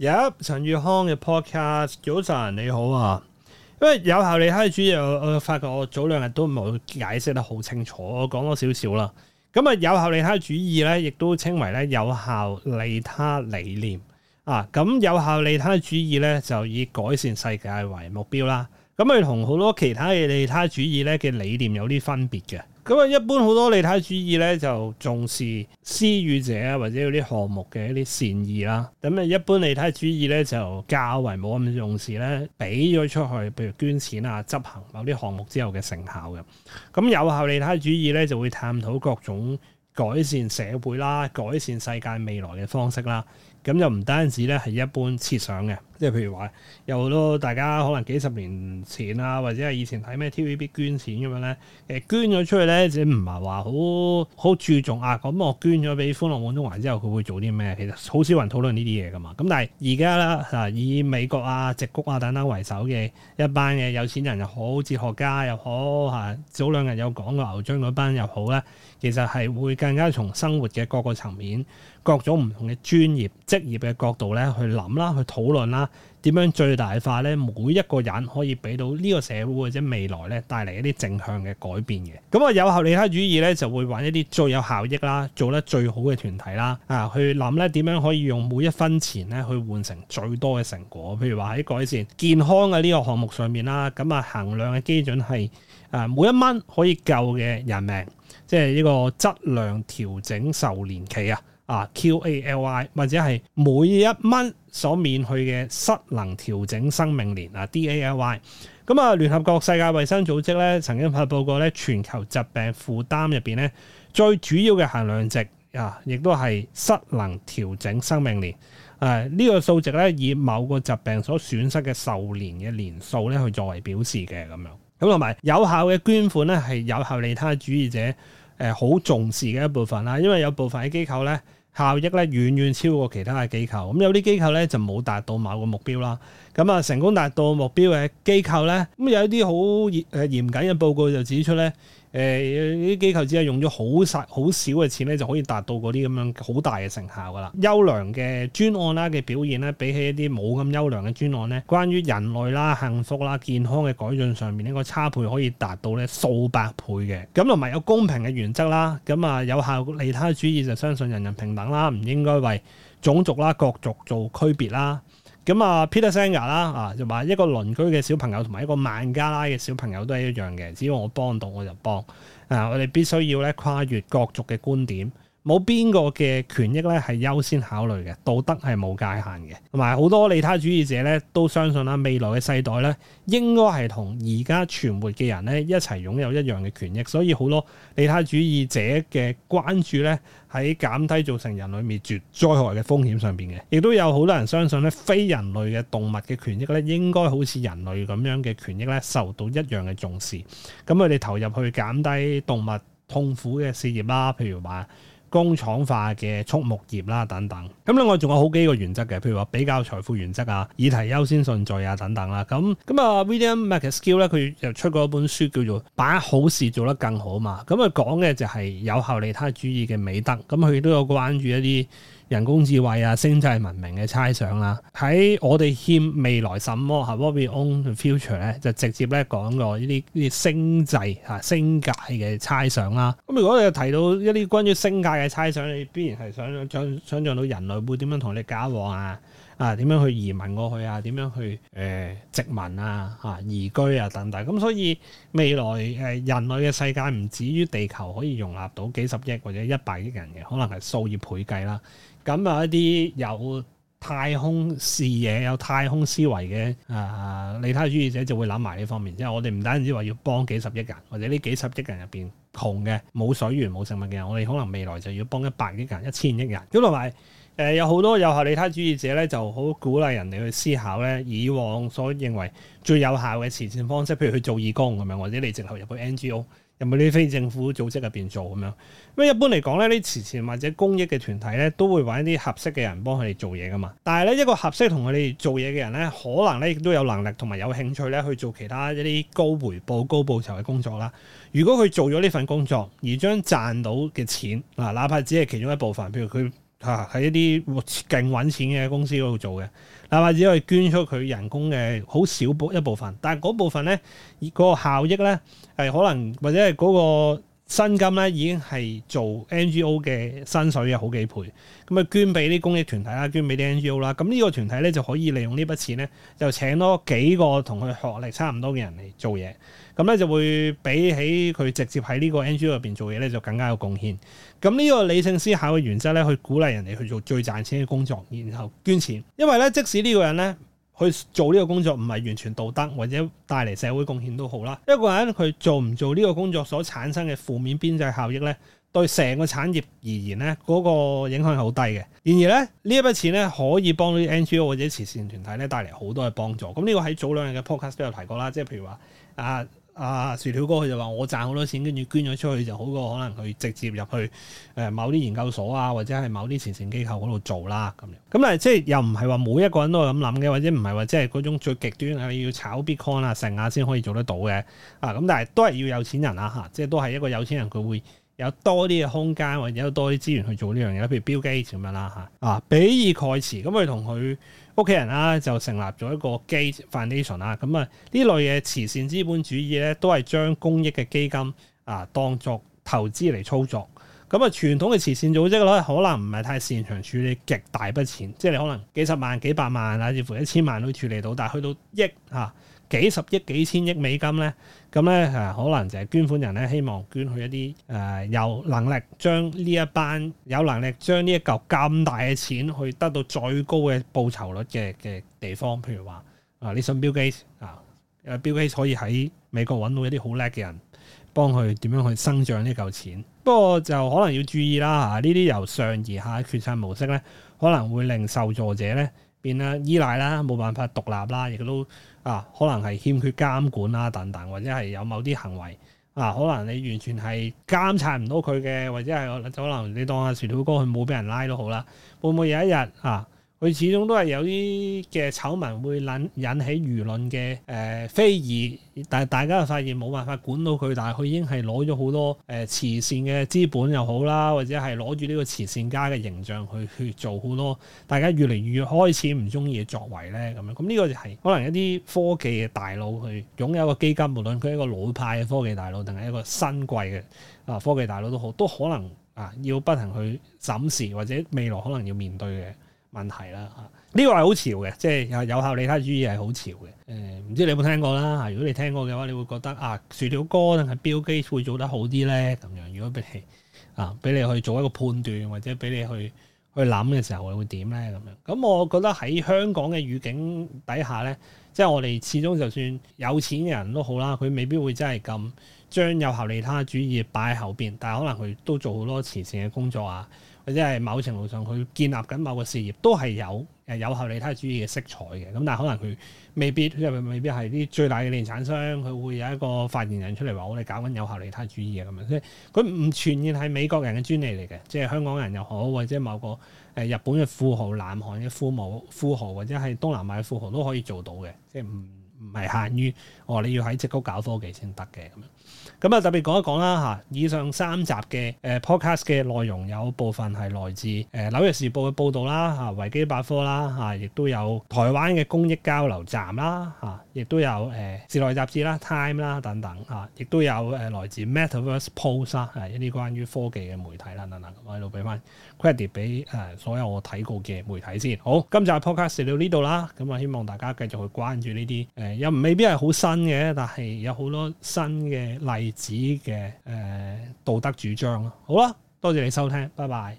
有陳宇康嘅 podcast 早晨你好啊，因為有效利他主義，我我發覺我早兩日都冇解釋得好清楚，我講咗少少啦。咁、嗯、啊，有效利他主義咧，亦都稱為咧有效利他理念啊。咁、嗯、有效利他主義咧，就以改善世界為目標啦。咁佢同好多其他嘅利他主義咧嘅理念有啲分別嘅。咁啊，一般好多利他主義咧就重視施予者啊，或者有啲項目嘅一啲善意啦。咁啊，一般利他主義咧就較為冇咁重視咧，俾咗出去，譬如捐錢啊，執行某啲項目之後嘅成效嘅。咁有效利他主義咧就會探討各種改善社會啦、改善世界未來嘅方式啦。咁就唔單止咧係一般設想嘅。即係譬如話，有好多大家可能幾十年前啊，或者係以前睇咩 TVB 捐錢咁樣咧，誒捐咗出去咧，即唔係話好好注重啊？咁我捐咗俾歡樂滿中環之後，佢會做啲咩？其實好少人討論呢啲嘢噶嘛。咁但係而家啦，嗱以美國啊、直谷啊等等為首嘅一班嘅有錢人又好，哲學家又好嚇、啊，早兩日有講過牛津嗰班又好咧，其實係會更加從生活嘅各個層面、各種唔同嘅專業職業嘅角度咧去諗啦，去討論啦。點樣最大化咧？每一個人可以俾到呢個社會或者未來咧，帶嚟一啲正向嘅改變嘅。咁啊，有效利他主義咧，就會揾一啲最有效益啦，做得最好嘅團體啦，啊，去諗咧點樣可以用每一分錢咧去換成最多嘅成果。譬如話喺改善健康嘅呢個項目上面啦，咁啊衡量嘅基準係誒每一蚊可以救嘅人命，即係呢個質量調整壽年期啊。啊 QALY 或者係每一蚊所免去嘅失能調整生命年啊 DALY 咁啊，聯合國世界衛生組織咧曾經發布過咧全球疾病負擔入邊咧最主要嘅衡量值啊，亦都係失能調整生命年。誒、啊這個、呢個數值咧以某個疾病所損失嘅壽年嘅年數咧去作為表示嘅咁樣。咁同埋有效嘅捐款咧係有效利他主義者誒好、呃、重視嘅一部分啦，因為有部分嘅機構咧，效益咧遠遠超過其他嘅機構，咁有啲機構咧就冇達到某個目標啦，咁啊成功達到目標嘅機構咧，咁有一啲好嚴嚴謹嘅報告就指出咧。誒呢啲機構只係用咗好細好少嘅錢咧，就可以達到嗰啲咁樣好大嘅成效噶啦。優良嘅專案啦嘅表現咧，比起一啲冇咁優良嘅專案咧，關於人類啦、幸福啦、健康嘅改進上面呢個差倍可以達到咧數百倍嘅。咁同埋有公平嘅原則啦，咁啊有效利他主義就相信人人平等啦，唔應該為種族啦、各族做區別啦。咁啊，Peter Singer 啦，啊，就話一個鄰居嘅小朋友同埋一個孟加拉嘅小朋友都係一樣嘅，只要我幫到我就幫啊，我哋必須要咧跨越各族嘅觀點。冇邊個嘅權益咧係優先考慮嘅，道德係冇界限嘅，同埋好多利他主義者咧都相信啦，未來嘅世代咧應該係同而家存活嘅人咧一齊擁有一樣嘅權益，所以好多利他主義者嘅關注咧喺減低造成人類滅絕災害嘅風險上邊嘅，亦都有好多人相信咧非人類嘅動物嘅權益咧應該好似人類咁樣嘅權益咧受到一樣嘅重視，咁佢哋投入去減低動物痛苦嘅事業啦，譬如話，工廠化嘅畜牧業啦，等等。咁另外仲有好幾個原則嘅，譬如話比較財富原則啊、議題優先順序啊，等等啦。咁咁啊，William MacAskill 咧，佢又出過一本書叫做《把好事做得更好》啊嘛。咁佢講嘅就係有效利他主義嘅美德。咁佢都有關注一啲。人工智慧啊，星際文明嘅猜想啦，喺我哋欠未來什麼啊 What We Owe the Future 咧，就直接咧講個呢啲呢啲星際嚇星界嘅猜想啦。咁如果你提到一啲關於星界嘅猜想，你必然係想想想像到人類會點樣同你交往啊？啊，點樣去移民過去啊？點樣去誒、呃、殖民啊？嚇、啊、移居啊？等等。咁、嗯、所以未來誒、呃、人類嘅世界唔止於地球，可以容納到幾十億或者一百億人嘅，可能係數以倍計啦。咁啊，一啲有太空視野、有太空思維嘅啊，利他主義者就會諗埋呢方面。即係我哋唔單止話要幫幾十億人，或者呢幾十億人入邊窮嘅、冇水源、冇食物嘅人，我哋可能未來就要幫一百億人、一千億人。咁同埋，誒、呃、有好多有效利他主義者咧，就好鼓勵人哋去思考咧，以往所認為最有效嘅慈善方式，譬如去做義工咁樣，或者你直頭入去 NGO。有冇啲非政府組織入邊做咁樣？因為一般嚟講咧，啲慈善或者公益嘅團體咧，都會揾啲合適嘅人幫佢哋做嘢噶嘛。但係咧，一個合適同佢哋做嘢嘅人咧，可能咧亦都有能力同埋有興趣咧去做其他一啲高回報、高報酬嘅工作啦。如果佢做咗呢份工作，而將賺到嘅錢啊，哪怕只係其中一部分，譬如佢。嚇喺，啊，一啲勁揾錢嘅公司嗰度做嘅。嗱，或者係捐出佢人工嘅好少部一部分，但係嗰部分咧，嗰個效益咧係可能或者係嗰，嗰個。薪金咧已經係做 NGO 嘅薪水嘅好幾倍咁啊，捐俾啲公益團體啦，捐俾啲 NGO 啦，咁呢個團體咧就可以利用呢筆錢咧，就請多幾個同佢學歷差唔多嘅人嚟做嘢，咁咧就會比起佢直接喺呢個 NGO 入邊做嘢咧就更加有貢獻。咁呢個理性思考嘅原則咧，去鼓勵人哋去做最賺錢嘅工作，然後捐錢，因為咧即使呢個人咧。佢做呢個工作唔係完全道德或者帶嚟社會貢獻都好啦。一個人佢做唔做呢個工作所產生嘅負面邊際效益咧，對成個產業而言咧，嗰個影響係好低嘅。然而咧，呢一筆錢咧可以幫到啲 NGO 或者慈善團體咧帶嚟好多嘅幫助。咁呢個喺早兩日嘅 podcast 都有提過啦，即係譬如話啊。啊！薯條哥佢就話：我賺好多錢，跟住捐咗出去就好過可能佢直接入去誒某啲研究所啊，或者係某啲慈善機構嗰度做啦咁樣。咁但係即係又唔係話每一個人都係咁諗嘅，或者唔係話即係嗰種最極端係你要炒 Bitcoin 啊成啊先可以做得到嘅啊。咁但係都係要有錢人啦、啊、嚇、啊，即係都係一個有錢人佢會有多啲嘅空間或者有多啲資源去做呢樣嘢，譬如 Bill Gates 咁樣啦、啊、嚇。啊，比爾蓋茨咁佢同佢。屋企人啦就成立咗一個 Gates Foundation 啦，咁啊呢類嘅慈善資本主義咧，都係將公益嘅基金啊，當作投資嚟操作。咁啊傳統嘅慈善組織嘅咧，可能唔係太擅長處理極大筆錢，即係你可能幾十萬、幾百萬啊，甚至乎一千萬都可以處理到，但係去到億嚇。啊幾十億、幾千億美金咧，咁咧啊，可能就係捐款人咧，希望捐去一啲誒、呃、有能力將呢一班有能力將呢一嚿咁大嘅錢去得到最高嘅報酬率嘅嘅地方，譬如話啊，你信 Bill Gates，啊，Bill Gates 可以喺美國揾到一啲好叻嘅人幫佢點樣去生長呢嚿錢。不過就可能要注意啦，啊呢啲由上而下決策模式咧，可能會令受助者咧。依賴啦，冇辦法獨立啦，亦都啊，可能係欠缺監管啦，等等，或者係有某啲行為啊，可能你完全係監察唔到佢嘅，或者係可能你當阿薯條哥佢冇俾人拉都好啦，會唔會有一日啊？佢始終都係有啲嘅醜聞會引起輿論嘅誒非議，但係大家又發現冇辦法管到佢，但係佢已經係攞咗好多誒、呃、慈善嘅資本又好啦，或者係攞住呢個慈善家嘅形象去去做好多大家越嚟越開始唔中意嘅作為咧，咁樣咁呢、嗯這個就係可能一啲科技嘅大佬去擁有一個基金，無論佢係一個老派嘅科技大佬定係一個新貴嘅啊科技大佬都好，都可能啊要不停去審視或者未來可能要面對嘅。問題啦嚇，呢、啊呢個係好潮嘅，即係有有效利他主義係好潮嘅。誒、呃，唔知你有冇聽過啦嚇？如果你聽過嘅話，你會覺得啊，薯條哥定係 Bill Gates 做得好啲咧咁樣。如果俾你啊，俾你去做一個判斷或者俾你去去諗嘅時候，你會點咧咁樣？咁我覺得喺香港嘅語境底下咧，即係我哋始終就算有錢嘅人都好啦，佢未必會真係咁將有效利他主義擺喺後邊，但係可能佢都做好多慈善嘅工作啊。或者係某程度上佢建立緊某個事業都係有誒有效利他主義嘅色彩嘅，咁但係可能佢未必未必係啲最大嘅製產商，佢會有一個發言人出嚟話我哋搞緊有效利他主義啊咁樣，即係佢唔全然係美國人嘅專利嚟嘅，即係香港人又好或者某個誒日本嘅富豪、南韓嘅富豪、富豪或者係東南亞嘅富豪都可以做到嘅，即係唔。唔係限於哦，你要喺矽谷搞科技先得嘅咁樣。咁啊，特別講一講啦嚇。以上三集嘅誒 podcast 嘅內容有部分係來自誒紐約時報嘅報導啦嚇，維基百科啦嚇，亦都有台灣嘅公益交流站啦嚇，亦都有誒時代雜誌啦、Time 啦等等嚇，亦都有誒來自 Metaverse Post 啊，一啲關於科技嘅媒體啦等，等等。咁我喺度俾翻 credit 俾誒所有我睇過嘅媒體先。好，今集 podcast 到呢度啦。咁啊，希望大家繼續去關注呢啲誒。又未必係好新嘅，但係有好多新嘅例子嘅誒、呃、道德主張咯。好啦，多謝你收聽，拜拜。